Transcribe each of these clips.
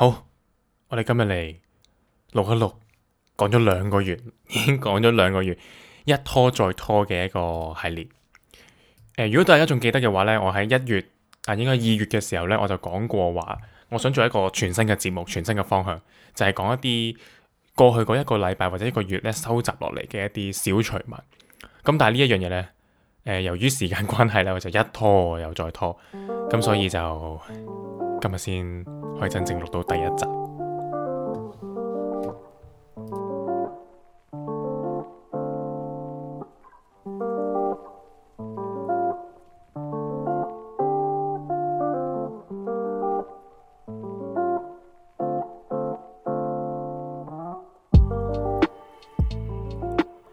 好，我哋今日嚟錄一錄，講咗兩個月，已經講咗兩個月，一拖再拖嘅一個系列。誒、呃，如果大家仲記得嘅話呢，我喺一月，啊，應該二月嘅時候呢，我就講過話，我想做一個全新嘅節目，全新嘅方向，就係、是、講一啲過去嗰一個禮拜或者一個月呢收集落嚟嘅一啲小趣聞。咁、嗯、但係呢一樣嘢呢，誒、呃，由於時間關係呢，我就一拖又再拖，咁所以就今日先。《怪，真正錄到第一集。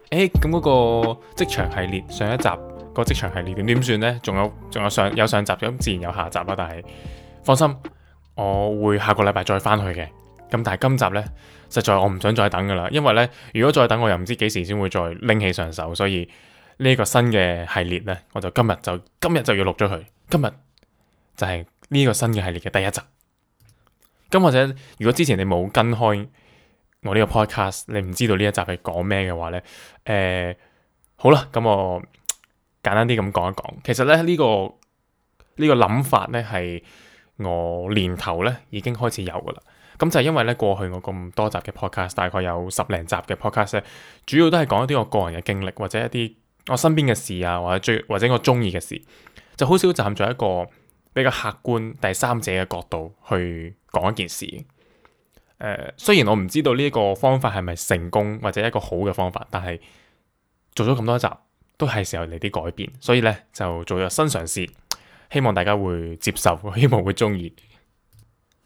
誒、欸，咁嗰個職場系列上一集，個職場系列點點算呢？仲有仲有上有上集咁、嗯，自然有下集啦、啊。但係，放心。我會下個禮拜再翻去嘅，咁但係今集呢，實在我唔想再等噶啦，因為呢，如果再等，我又唔知幾時先會再拎起上手，所以呢個新嘅系列呢，我就今日就今日就要錄咗佢，今日就係呢個新嘅系列嘅第一集。咁或者如果之前你冇跟開我呢個 podcast，你唔知道呢一集係講咩嘅話呢？誒、呃、好啦，咁我簡單啲咁講一講，其實咧呢、呢個呢、呢個諗法呢係。我年頭咧已經開始有噶啦，咁就係因為咧過去我咁多集嘅 podcast，大概有十零集嘅 podcast 咧，主要都係講一啲我個人嘅經歷，或者一啲我身邊嘅事啊，或者最或者我中意嘅事，就好少站在一個比較客觀第三者嘅角度去講一件事。誒、呃，雖然我唔知道呢一個方法係咪成功或者一個好嘅方法，但係做咗咁多集都係時候嚟啲改變，所以咧就做咗新嘗試。希望大家會接受，希望會中意。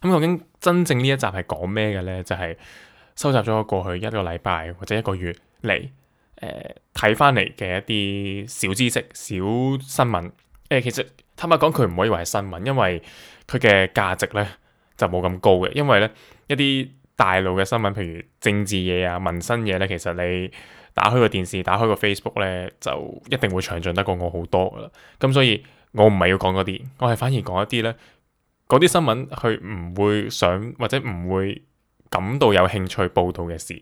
咁究竟真正呢一集係講咩嘅呢？就係、是、收集咗我過去一個禮拜或者一個月嚟誒睇翻嚟嘅一啲小知識、小新聞。誒、呃，其實坦白講，佢唔可以話係新聞，因為佢嘅價值呢就冇咁高嘅。因為呢一啲大路嘅新聞，譬如政治嘢啊、民生嘢呢，其實你打開個電視、打開個 Facebook 呢，就一定會詳盡得過我好多噶啦。咁所以，我唔係要講嗰啲，我係反而講一啲呢。嗰啲新聞佢唔會想或者唔會感到有興趣報道嘅事。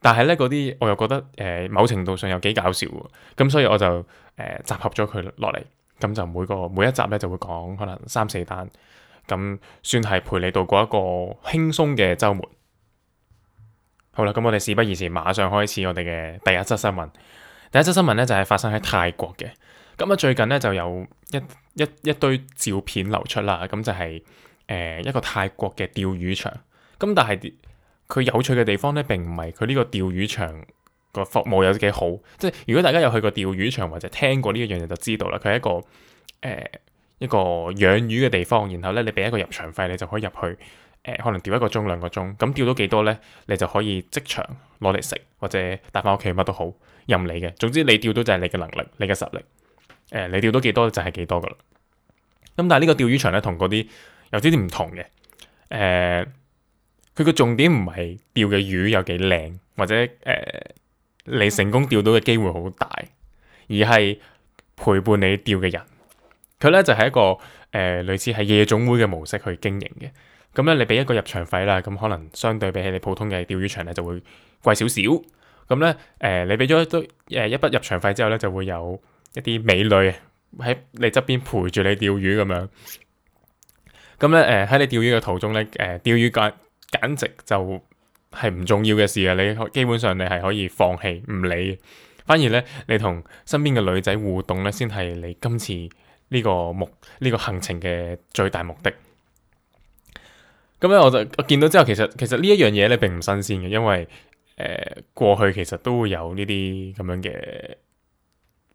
但係呢，嗰啲我又覺得誒、呃，某程度上又幾搞笑，咁所以我就、呃、集合咗佢落嚟，咁就每個每一集呢，就會講可能三四單，咁算係陪你度過一個輕鬆嘅周末。好啦，咁我哋事不宜遲，馬上開始我哋嘅第一則新聞。第一則新聞呢，就係、是、發生喺泰國嘅。咁啊！最近咧就有一一一堆照片流出啦，咁就係誒一個泰國嘅釣魚場。咁但係佢有趣嘅地方咧，並唔係佢呢個釣魚場個服務有幾好。即係如果大家有去過釣魚場或者聽過呢一樣嘢，就知道啦。佢係一個誒一個養魚嘅地方，然後咧你俾一個入場費，你就可以入去誒，可能釣一個鐘兩個鐘，咁釣到幾多咧，你就可以即場攞嚟食或者帶翻屋企，乜都好，任你嘅。總之你釣到就係你嘅能力，你嘅實力。誒、呃，你釣到幾多就係幾多㗎喇。咁、嗯、但係呢個釣魚場咧，同嗰啲有啲啲唔同嘅。誒、呃，佢個重點唔係釣嘅魚有幾靚，或者誒、呃、你成功釣到嘅機會好大，而係陪伴你釣嘅人。佢咧就係、是、一個誒、呃、類似係夜總會嘅模式去經營嘅。咁、嗯、咧，你俾一個入場費啦，咁、嗯、可能相對比起你普通嘅釣魚場咧就會貴少少。咁、嗯、咧，誒、嗯呃、你俾咗一堆誒一筆入場費之後咧，就會有，一啲美女喺你側邊陪住你釣魚咁樣，咁咧，誒、呃、喺你釣魚嘅途中咧，誒、呃、釣魚簡簡直就係唔重要嘅事啊！你基本上你係可以放棄唔理，反而咧你同身邊嘅女仔互動咧，先係你今次呢個目呢、呢個行程嘅最大目的。咁咧，我就我見到之後，其實其實一呢一樣嘢咧並唔新鮮嘅，因為誒、呃、過去其實都會有呢啲咁樣嘅。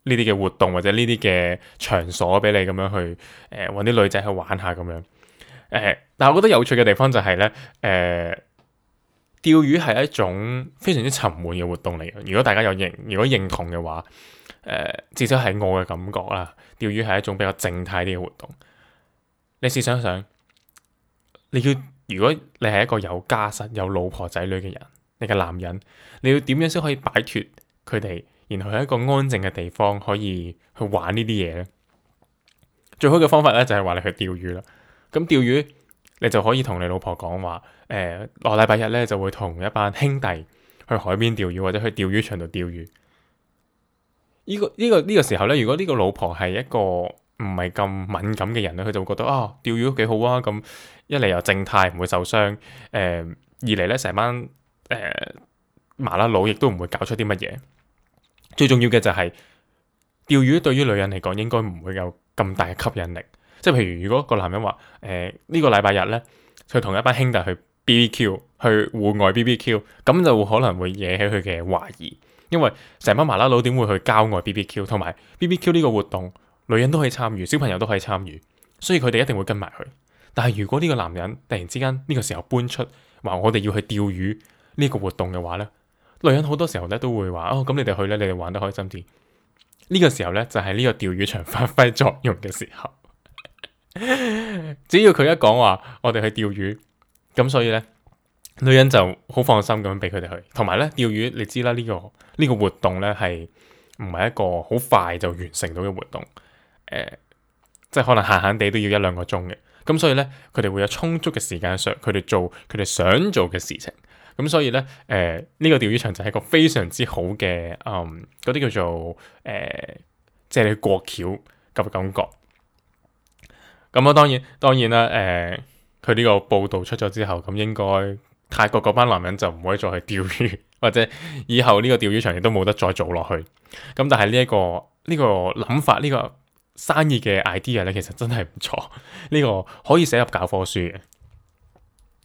呢啲嘅活動或者呢啲嘅場所俾你咁樣去誒揾啲女仔去玩下咁樣誒、呃，但係我覺得有趣嘅地方就係、是、咧，誒、呃，釣魚係一種非常之沉悶嘅活動嚟。如果大家有認如果認同嘅話，誒、呃，至少係我嘅感覺啦。釣魚係一種比較靜態啲嘅活動。你試想想，你要如果你係一個有家室有老婆仔女嘅人，你嘅男人，你要點樣先可以擺脫佢哋？然後喺一個安靜嘅地方可以去玩呢啲嘢咧，最好嘅方法咧就係、是、話你去釣魚啦。咁、嗯、釣魚你就可以同你老婆講話，誒我禮拜日咧就會同一班兄弟去海邊釣魚，或者去釣魚場度釣魚。呢、這個呢、這個呢、這個時候咧，如果呢個老婆係一個唔係咁敏感嘅人咧，佢就會覺得啊釣、哦、魚都幾好啊！咁、嗯、一嚟又靜態唔會受傷，誒、呃、二嚟咧成班誒麻甩佬亦都唔會搞出啲乜嘢。最重要嘅就係釣魚對於女人嚟講應該唔會有咁大嘅吸引力。即係譬如，如果個男人話：誒、呃這個、呢個禮拜日咧，佢同一班兄弟去 BBQ，去戶外 BBQ，咁就會可能會惹起佢嘅懷疑，因為成班麻甩佬點會去郊外 BBQ？同埋 BBQ 呢個活動，女人都可以參與，小朋友都可以參與，所以佢哋一定會跟埋去。但係如果呢個男人突然之間呢個時候搬出話：我哋要去釣魚呢個活動嘅話咧？女人好多時候咧都會話哦，咁你哋去咧，你哋玩得開心啲。呢個時候咧就係呢個釣魚場發揮作用嘅時候。 只要佢一講話，我哋去釣魚，咁所以咧，女人就好放心咁樣俾佢哋去。同埋咧，釣魚你知啦，呢個呢個活動咧係唔係一個好快就完成到嘅活動。誒，即係可能閒閒地都要一兩個鐘嘅。咁所以咧，佢哋會有充足嘅時間上，佢哋做佢哋想做嘅事情。咁所以咧，誒、呃、呢、這個釣魚場就係一個非常之好嘅，嗯嗰啲叫做誒，即係你過橋咁嘅感覺。咁啊，當然當然啦，誒佢呢個報導出咗之後，咁應該泰國嗰班男人就唔可以再去釣魚，或者以後呢個釣魚場亦都冇得再做落去。咁但係呢一個呢、這個諗法，呢、這個生意嘅 idea 咧，其實真係唔錯，呢 個可以寫入教科書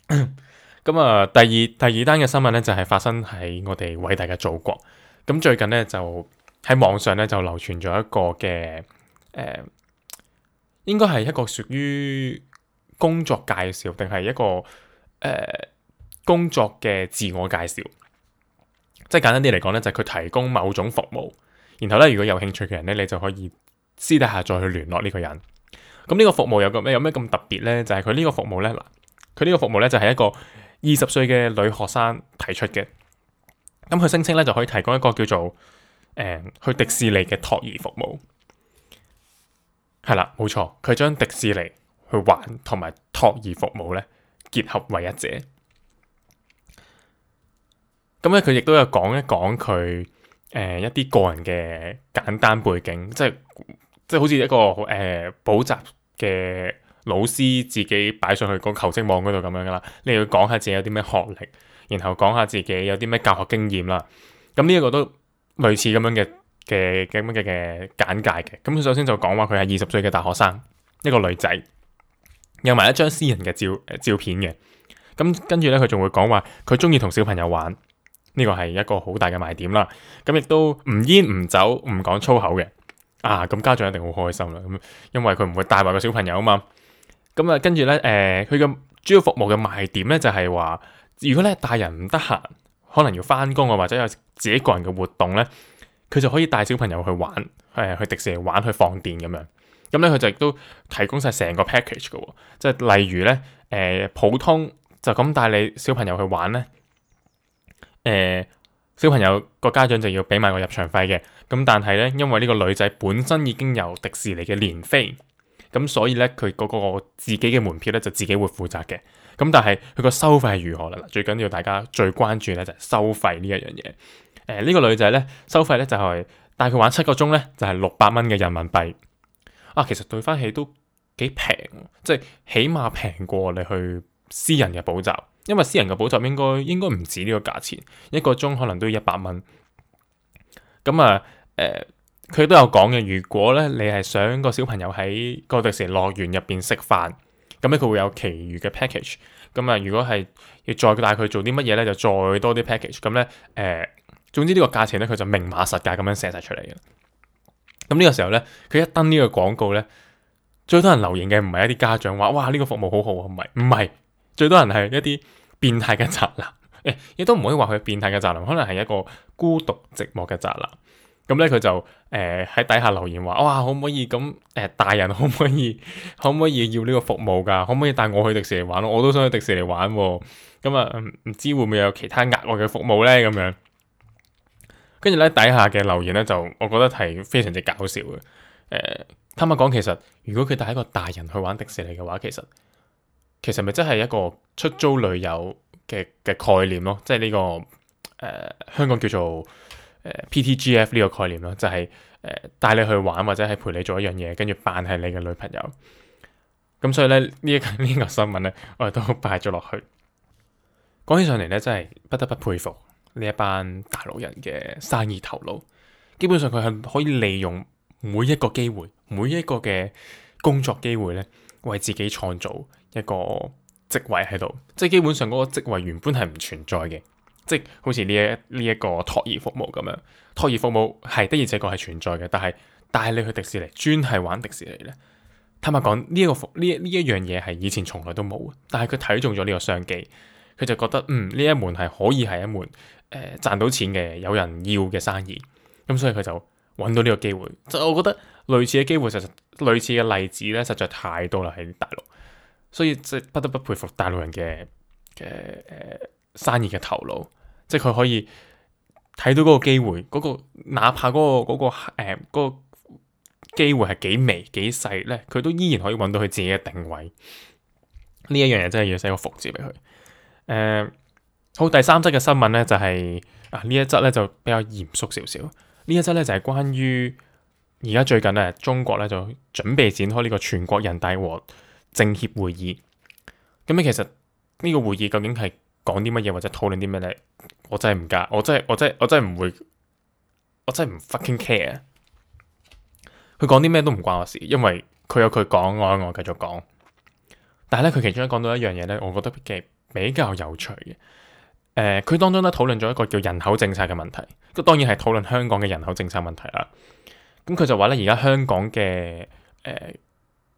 嘅。 咁啊，第二第二單嘅新聞咧，就係、是、發生喺我哋偉大嘅祖國。咁最近咧，就喺網上咧就流傳咗一個嘅誒、呃，應該係一個屬於工作介紹，定係一個誒、呃、工作嘅自我介紹。即係簡單啲嚟講咧，就係、是、佢提供某種服務，然後咧如果有興趣嘅人咧，你就可以私底下再去聯絡呢個人。咁呢個服務有個咩？有咩咁特別咧？就係佢呢個服務咧，嗱，佢呢個服務咧就係、是、一個。二十歲嘅女學生提出嘅，咁佢聲稱咧就可以提供一個叫做誒、嗯、去迪士尼嘅托兒服務，係啦，冇錯，佢將迪士尼去玩同埋托兒服務咧結合為一者。咁咧佢亦都有講一講佢誒一啲個人嘅簡單背景，即係即係好似一個誒補習嘅。嗯老師自己擺上去個求職網嗰度咁樣噶啦，你要講下自己有啲咩學歷，然後講下自己有啲咩教學經驗啦。咁呢一個都類似咁樣嘅嘅咁樣嘅嘅簡介嘅。咁佢首先就講話佢係二十歲嘅大學生，一個女仔，有埋一張私人嘅照照片嘅。咁跟住咧，佢仲會講話佢中意同小朋友玩，呢個係一個好大嘅賣點啦。咁亦都唔煙唔酒唔講粗口嘅。啊，咁家長一定好開心啦。咁因為佢唔會帶壞個小朋友啊嘛。咁啊，跟住咧，誒，佢嘅主要服務嘅賣點咧，就係話，如果咧大人唔得閒，可能要翻工啊，或者有自己個人嘅活動咧，佢就可以帶小朋友去玩，誒，去迪士尼玩，去放電咁樣。咁咧，佢就亦都提供晒成個 package 嘅喎，即係例如咧，誒，普通就咁帶你小朋友去玩咧，誒，小朋友個家長就要俾埋個入場費嘅。咁但係咧，因為呢個女仔本身已經有迪士尼嘅年飛。咁所以咧，佢嗰個自己嘅門票咧，就自己會負責嘅。咁但係佢個收費係如何啦？最緊要大家最關注咧就係收，呃這個、收費呢一樣嘢。誒呢個女仔咧收費咧就係帶佢玩七個鐘咧就係六百蚊嘅人民幣。啊，其實對翻起都幾平，即、就、係、是、起碼平過你去私人嘅補習，因為私人嘅補習應該應該唔止呢個價錢，一個鐘可能都要一百蚊。咁、嗯、啊誒。呃佢都有講嘅，如果咧你係想個小朋友喺個迪士尼樂園入邊食飯，咁咧佢會有其餘嘅 package。咁啊，如果係要再帶佢做啲乜嘢咧，就再多啲 package。咁咧，誒、呃，總之呢個價錢咧，佢就明碼實價咁樣寫晒出嚟嘅。咁呢個時候咧，佢一登呢個廣告咧，最多人留言嘅唔係一啲家長話：哇，呢、這個服務好好，唔係，唔係，最多人係一啲變態嘅宅男。誒、欸，亦都唔可以話佢變態嘅宅男，可能係一個孤獨寂寞嘅宅男。咁咧，佢就誒喺、呃、底下留言話：哇，可唔可以咁誒、呃、大人可唔可以可唔可以要呢個服務㗎？可唔可以帶我去迪士尼玩？我都想去迪士尼玩喎、哦。咁啊，唔知會唔會有其他額外嘅服務咧？咁樣，跟住咧底下嘅留言咧，就我覺得係非常之搞笑嘅。誒、呃，坦白講，其實如果佢帶一個大人去玩迪士尼嘅話，其實其實咪真係一個出租女友嘅嘅概念咯。即係呢、這個誒、呃、香港叫做。誒、uh, PTGF 呢個概念咯，就係、是、誒、uh, 帶你去玩或者係陪你做一樣嘢，跟住扮係你嘅女朋友。咁所以咧，呢一個呢個新聞咧，我哋都擺咗落去。講起上嚟咧，真係不得不佩服呢一班大陸人嘅生意頭腦。基本上佢係可以利用每一個機會、每一個嘅工作機會咧，為自己創造一個職位喺度。即係基本上嗰個職位原本係唔存在嘅。即好似呢一呢一，這個托兒服務咁樣，托兒服務係的而且確係存在嘅，但係帶你去迪士尼專係玩迪士尼咧，坦白講呢，這個、一個呢呢一樣嘢係以前從來都冇，但係佢睇中咗呢個商機，佢就覺得嗯呢一門係可以係一門誒賺、呃、到錢嘅有人要嘅生意，咁、嗯、所以佢就揾到呢個機會。就我覺得類似嘅機會，其實類似嘅例子咧，實在太多啦喺大陸，所以即不得不佩服大陸人嘅嘅誒。呃生意嘅頭腦，即係佢可以睇到嗰個機會，嗰、那個哪怕嗰、那個嗰、那個誒嗰、呃那個機會係幾微幾細咧，佢都依然可以搵到佢自己嘅定位。呢一樣嘢真係要寫個福字俾佢。誒、呃，好，第三則嘅新聞咧，就係、是、啊呢一則咧就比較嚴肅少少。呢一則咧就係、是、關於而家最近咧，中國咧就準備展開呢個全國人大和政協會議。咁咧，其實呢個會議究竟係？講啲乜嘢或者討論啲咩咧？我真係唔加，我真係我真係我真係唔會，我真係唔 fucking care。佢講啲咩都唔關我事，因為佢有佢講，我有我繼續講。但係咧，佢其中咧講到一樣嘢咧，我覺得比較有趣嘅。佢、呃、當中咧討論咗一個叫人口政策嘅問題，咁當然係討論香港嘅人口政策問題啦。咁佢就話咧，而家香港嘅誒、呃、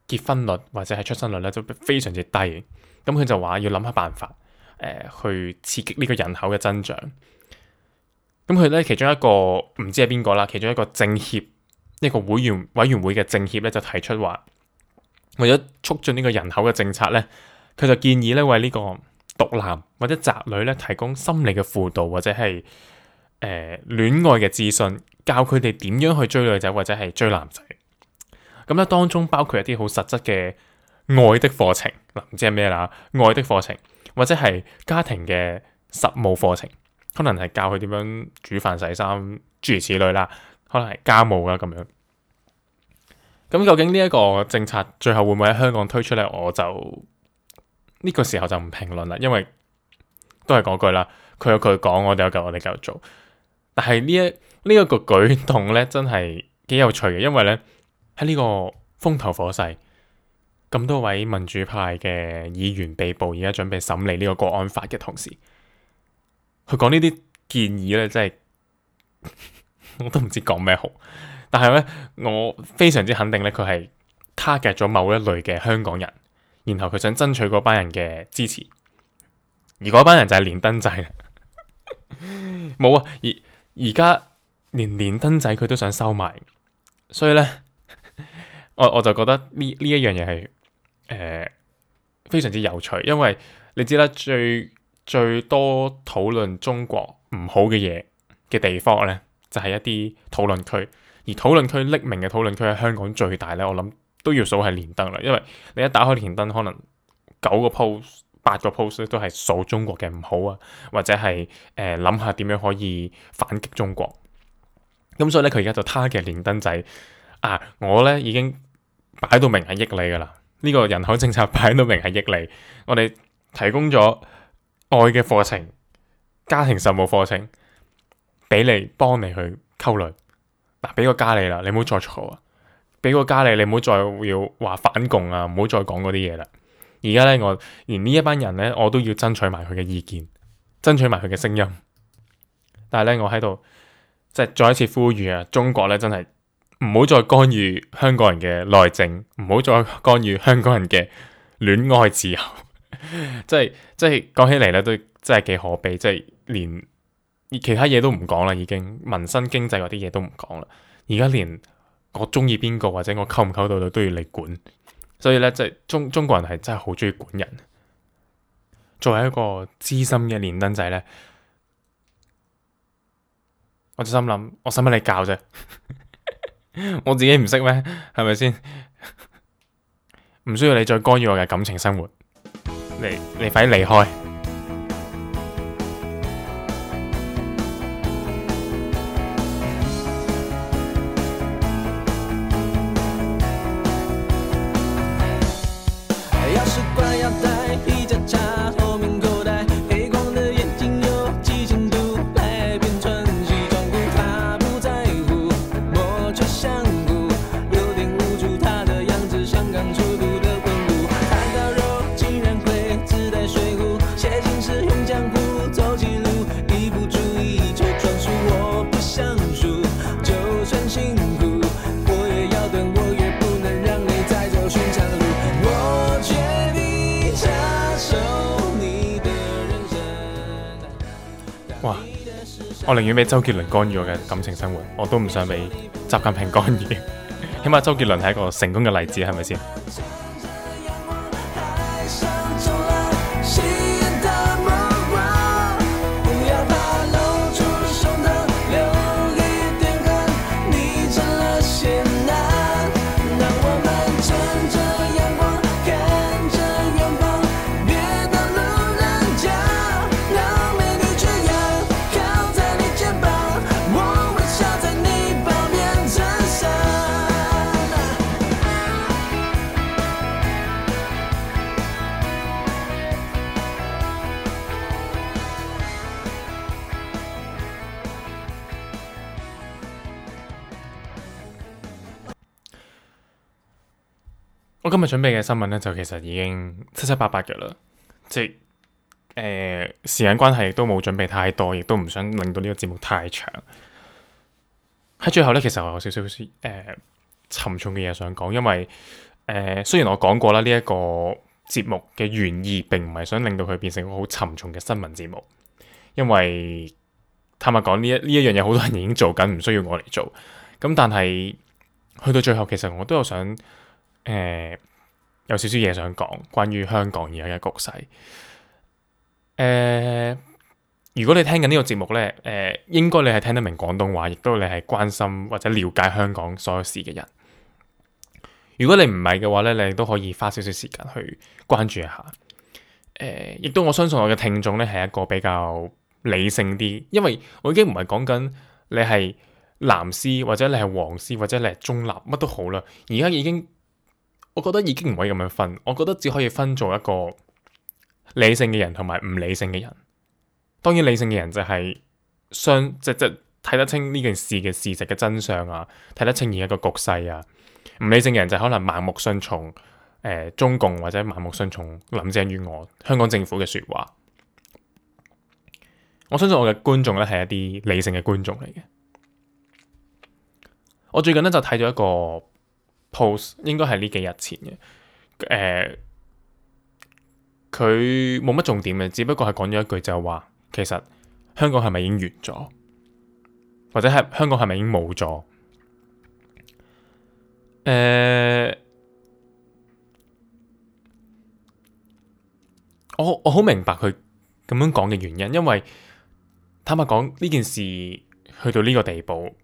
結婚率或者係出生率咧都非常之低，咁佢就話要諗下辦法。誒去刺激呢個人口嘅增長，咁佢咧其中一個唔知係邊個啦，其中一個政協一個委員委員會嘅政協咧就提出話，為咗促進呢個人口嘅政策咧，佢就建議咧為呢、這個毒男或者宅女咧提供心理嘅輔導或者係誒、呃、戀愛嘅資訊，教佢哋點樣去追女仔或者係追男仔。咁咧當中包括一啲好實質嘅愛的課程嗱，唔知係咩啦？愛的課程。或者係家庭嘅實務課程，可能係教佢點樣煮飯、洗衫，諸如此類啦。可能係家務啦、啊、咁樣。咁究竟呢一個政策最後會唔會喺香港推出咧？我就呢、這個時候就唔評論啦，因為都係嗰句啦，佢有佢講，我哋有夠我哋繼續做。但係呢一呢一、這個舉動咧，真係幾有趣嘅，因為咧喺呢個風頭火勢。咁多位民主派嘅議員被捕，而家準備審理呢、這個國安法嘅同時，佢講呢啲建議咧，真係 我都唔知講咩好。但係咧，我非常之肯定咧，佢係 target 咗某一類嘅香港人，然後佢想爭取嗰班人嘅支持，而嗰班人就係連登仔，冇 啊！而而家連連登仔，佢都想收埋，所以咧，我我就覺得呢呢一樣嘢係。誒、呃，非常之有趣，因為你知啦，最最多討論中國唔好嘅嘢嘅地方咧，就係、是、一啲討論區。而討論區匿名嘅討論區喺香港最大咧，我諗都要數係連登啦。因為你一打開連登，可能九個 post 八個 post 都係數中國嘅唔好啊，或者係誒諗下點樣可以反擊中國。咁所以咧，佢而家就 target 連登仔、就是、啊，我咧已經擺到明係益你噶啦。呢個人口政策擺到明係益你，我哋提供咗愛嘅課程、家庭實務課程，俾你幫你去溝女。嗱，俾個家你啦，你唔好再嘈啊！俾個家你，你唔好再要話反共啊，唔好再講嗰啲嘢啦。而家咧，我連呢一班人咧，我都要爭取埋佢嘅意見，爭取埋佢嘅聲音。但係咧，我喺度即係再一次呼籲啊！中國咧，真係～唔好再干預香港人嘅內政，唔好再干預香港人嘅戀愛自由，即係即係講起嚟咧都真係幾可悲，即係連其他嘢都唔講啦，已經民生經濟嗰啲嘢都唔講啦，而家連我中意邊個或者我溝唔溝到都都要你管，所以咧，即係中中國人係真係好中意管人。作為一個資深嘅連登仔咧，我就心諗，我使唔使你教啫？ 我自己唔識咩？係咪先？唔 需要你再干預我嘅感情生活。你你快啲離開。我寧願俾周杰倫干預我嘅感情生活，我都唔想俾習近平干預。 起碼周杰倫係一個成功嘅例子，係咪先？我今日準備嘅新聞咧，就其實已經七七八八嘅啦，即係誒、呃、時間關係，都冇準備太多，亦都唔想令到呢個節目太長。喺最後咧，其實我有少少誒、呃、沉重嘅嘢想講，因為誒、呃、雖然我講過啦，呢、這、一個節目嘅原意並唔係想令到佢變成一個好沉重嘅新聞節目，因為坦白講呢一呢一樣嘢，好多人已經做緊，唔需要我嚟做。咁但係去到最後，其實我都有想。誒、呃，有少少嘢想講，關於香港而家嘅局勢。誒、呃，如果你聽緊呢個節目咧，誒、呃，應該你係聽得明廣東話，亦都你係關心或者了解香港所有事嘅人。如果你唔係嘅話咧，你都可以花少少時間去關注一下。誒、呃，亦都我相信我嘅聽眾咧係一個比較理性啲，因為我已經唔係講緊你係藍絲或者你係黃絲或者你係中立乜都好啦，而家已經。我覺得已經唔可以咁樣分，我覺得只可以分做一個理性嘅人同埋唔理性嘅人。當然，理性嘅人就係相即即睇得清呢件事嘅事實嘅真相啊，睇得清而家個局勢啊。唔理性嘅人就可能盲目信從誒、呃、中共或者盲目信從林鄭月娥香港政府嘅説話。我相信我嘅觀眾咧係一啲理性嘅觀眾嚟嘅。我最近咧就睇咗一個。Post 應該係呢幾日前嘅，誒佢冇乜重點嘅，只不過係講咗一句就係話，其實香港係咪已經完咗，或者係香港係咪已經冇咗？誒、呃，我我好明白佢咁樣講嘅原因，因為坦白講呢件事去到呢個地步，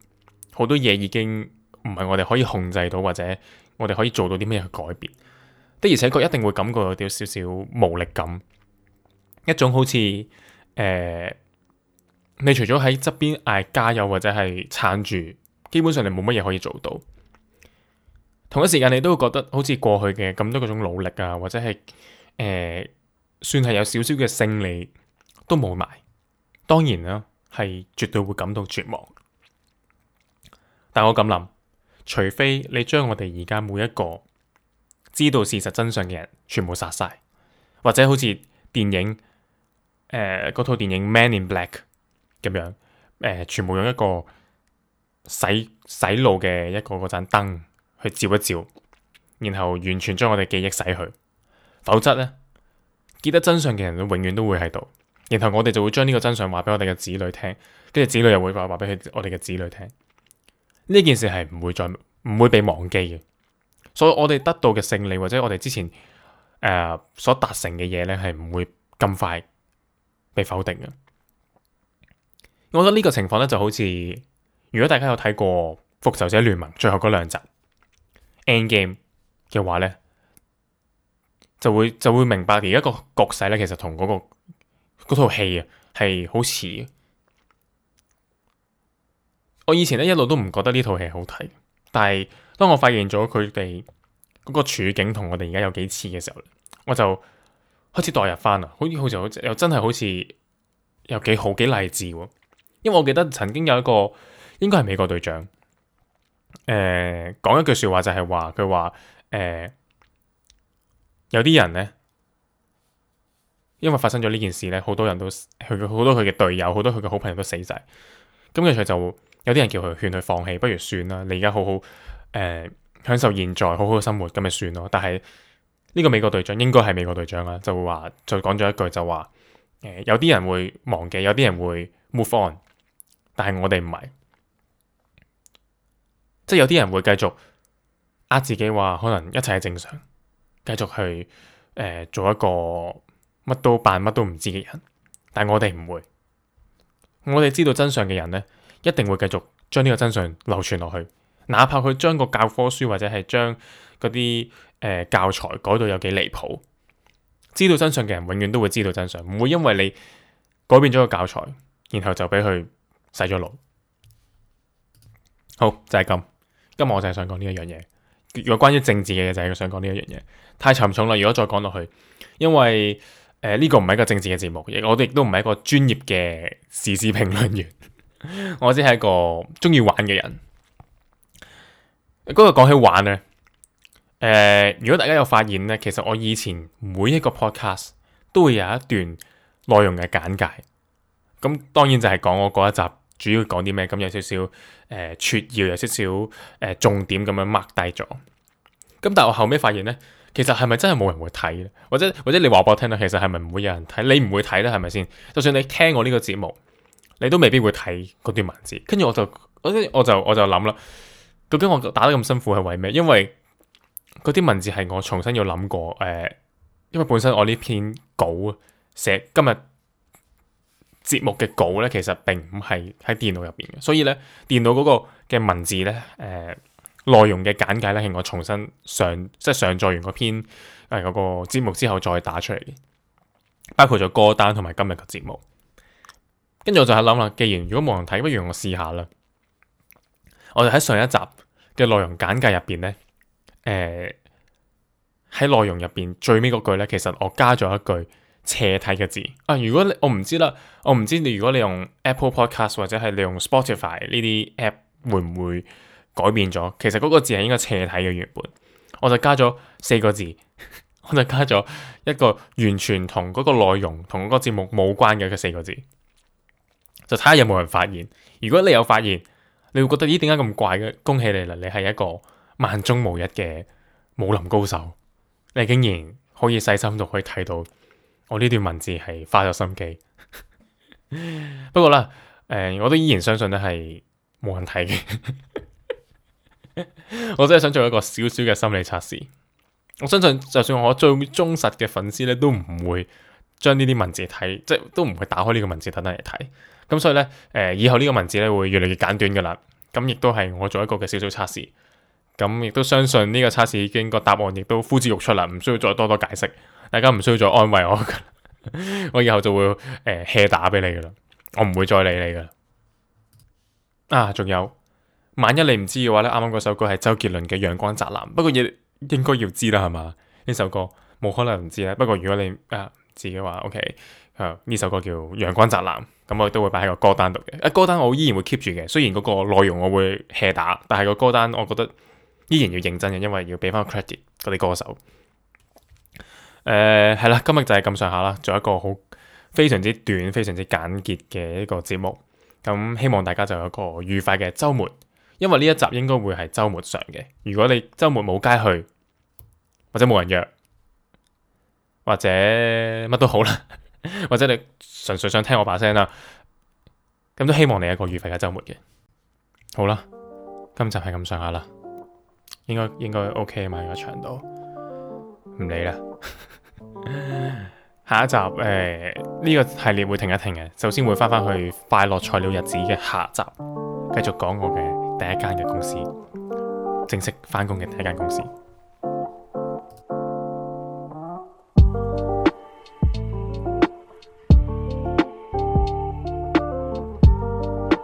好多嘢已經，唔係我哋可以控制到，或者我哋可以做到啲咩去改變。的而且確一定會感覺有少少無力感，一種好似誒、呃，你除咗喺側邊嗌加油或者係撐住，基本上你冇乜嘢可以做到。同一時間你都會覺得好似過去嘅咁多嗰種努力啊，或者係誒、呃，算係有少少嘅勝利都冇埋。當然啦，係絕對會感到絕望。但我咁諗。除非你將我哋而家每一個知道事實真相嘅人全部殺晒，或者好似電影誒嗰套電影《Man in Black》咁樣，誒、呃、全部用一個洗洗腦嘅一個嗰盞燈去照一照，然後完全將我哋記憶洗去，否則呢，記得真相嘅人永遠都會喺度，然後我哋就會將呢個真相話俾我哋嘅子女聽，跟住子女又會話話俾佢我哋嘅子女聽。呢件事係唔會再唔會被忘記嘅，所以我哋得到嘅勝利或者我哋之前誒、呃、所達成嘅嘢呢係唔會咁快被否定嘅。我覺得呢個情況呢，就好似，如果大家有睇過《復仇者聯盟》最後嗰兩集《End Game》嘅話呢，就會就會明白而家個局勢呢，其實同嗰、嗰個套戲啊係好似。我以前咧一路都唔覺得呢套戲好睇，但係當我發現咗佢哋嗰個處境同我哋而家有幾似嘅時候，我就開始代入翻啦，好似好似又真係好似又幾好幾勵志喎。因為我記得曾經有一個應該係美國隊長，誒、呃、講一句説話就係話佢話誒有啲人咧，因為發生咗呢件事咧，好多人都佢好多佢嘅隊友，好多佢嘅好朋友都死晒，咁佢就。有啲人叫佢勸佢放棄，不如算啦。你而家好好誒、呃、享受現在，好好生活咁咪算咯。但係呢、這個美國隊長應該係美國隊長啦，就會話再講咗一句就話誒、呃，有啲人會忘記，有啲人會 move on，但係我哋唔係，即係有啲人會繼續呃自己話可能一切係正常，繼續去誒、呃、做一個乜都扮乜都唔知嘅人，但係我哋唔會，我哋知道真相嘅人呢。一定會繼續將呢個真相流傳落去，哪怕佢將個教科書或者係將嗰啲誒教材改到有幾離譜，知道真相嘅人永遠都會知道真相，唔會因為你改變咗個教材，然後就俾佢洗咗腦。好就係咁，今日我就係想講呢一樣嘢。如果關於政治嘅嘢就係想講呢一樣嘢，太沉重啦。如果再講落去，因為誒呢個唔係一個政治嘅節目，我哋亦都唔係一個專業嘅時事評論員。我只係一個中意玩嘅人。嗰個講起玩咧，誒、呃，如果大家有發現咧？其實我以前每一個 podcast 都會有一段內容嘅簡介。咁當然就係講我嗰一集主要講啲咩，咁有少少誒，摘要有少少誒，重點咁樣 mark 低咗。咁但係我後尾發現咧，其實係咪真係冇人會睇咧？或者或者你話俾我聽咧，其實係咪唔會有人睇？你唔會睇咧，係咪先？就算你聽我呢個節目，你都未必會睇嗰段文字，跟住我就，我就我就諗啦，究竟我打得咁辛苦係為咩？因為嗰啲文字係我重新要諗過，誒、呃，因為本身我呢篇稿寫今日節目嘅稿咧，其實並唔係喺電腦入邊嘅，所以咧，電腦嗰個嘅文字咧，誒、呃、內容嘅簡介咧係我重新上即係上載完嗰篇誒嗰、呃嗰個節目之後再打出嚟，包括咗歌單同埋今日嘅節目。跟住我就喺諗啦，既然如果冇人睇，不如我試下啦。我就喺上一集嘅內容簡介入邊咧，誒、呃、喺內容入邊最尾嗰句咧，其實我加咗一句斜體嘅字啊。如果你我唔知啦，我唔知你如果你用 Apple Podcast 或者係你用 Spotify 呢啲 App 會唔會改變咗？其實嗰個字係應該斜體嘅原本，我就加咗四個字， 我就加咗一個完全同嗰個內容同嗰個節目冇關嘅四個字。就睇下有冇人發現。如果你有發現，你會覺得咦？點解咁怪嘅？恭喜你啦！你係一個萬中無一嘅武林高手。你竟然可以細心到可以睇到我呢段文字係花咗心機。 不過啦，誒、呃，我都依然相信咧係冇人睇嘅。 我真係想做一個小小嘅心理測試。我相信，就算我最忠實嘅粉絲咧，都唔會。將呢啲文字睇，即係都唔會打開呢個文字等等嚟睇。咁所以呢，誒、呃、以後呢個文字咧會越嚟越簡短噶啦。咁亦都係我做一個嘅小小測試。咁亦都相信呢個測試已經個答案亦都呼之欲出啦，唔需要再多多解釋。大家唔需要再安慰我， 我以後就會誒 hea、呃、打俾你噶啦。我唔會再理你噶啦。啊，仲有，萬一你唔知嘅話呢？啱啱嗰首歌係周杰倫嘅《陽光宅男》，不過應應該要知啦，係嘛？呢首歌冇可能唔知啦。不過如果你誒，啊自己話 OK，呢、uh, 首歌叫《陽光宅男》，咁我都會擺喺個歌單度嘅。啊，歌單我依然會 keep 住嘅，雖然嗰個內容我會 hea 打，但係個歌單我覺得依然要認真嘅，因為要俾翻個 credit 嗰啲歌手。誒、uh, 係啦，今日就係咁上下啦，做一個好非常之短、非常之簡潔嘅一個節目。咁希望大家就有一個愉快嘅週末，因為呢一集應該會係週末上嘅。如果你週末冇街去或者冇人約。或者乜都好啦，或者你純粹想聽我把聲啦，咁都希望你有個愉快嘅周末嘅。好啦，今集係咁上下啦，應該應該 OK 啊嘛，個長度。唔理啦， 下一集誒呢、欸呢個系列會停一停嘅，首先會翻翻去《快樂菜鳥日子》嘅下集，繼續講我嘅第一間嘅公司，正式翻工嘅第一間公司。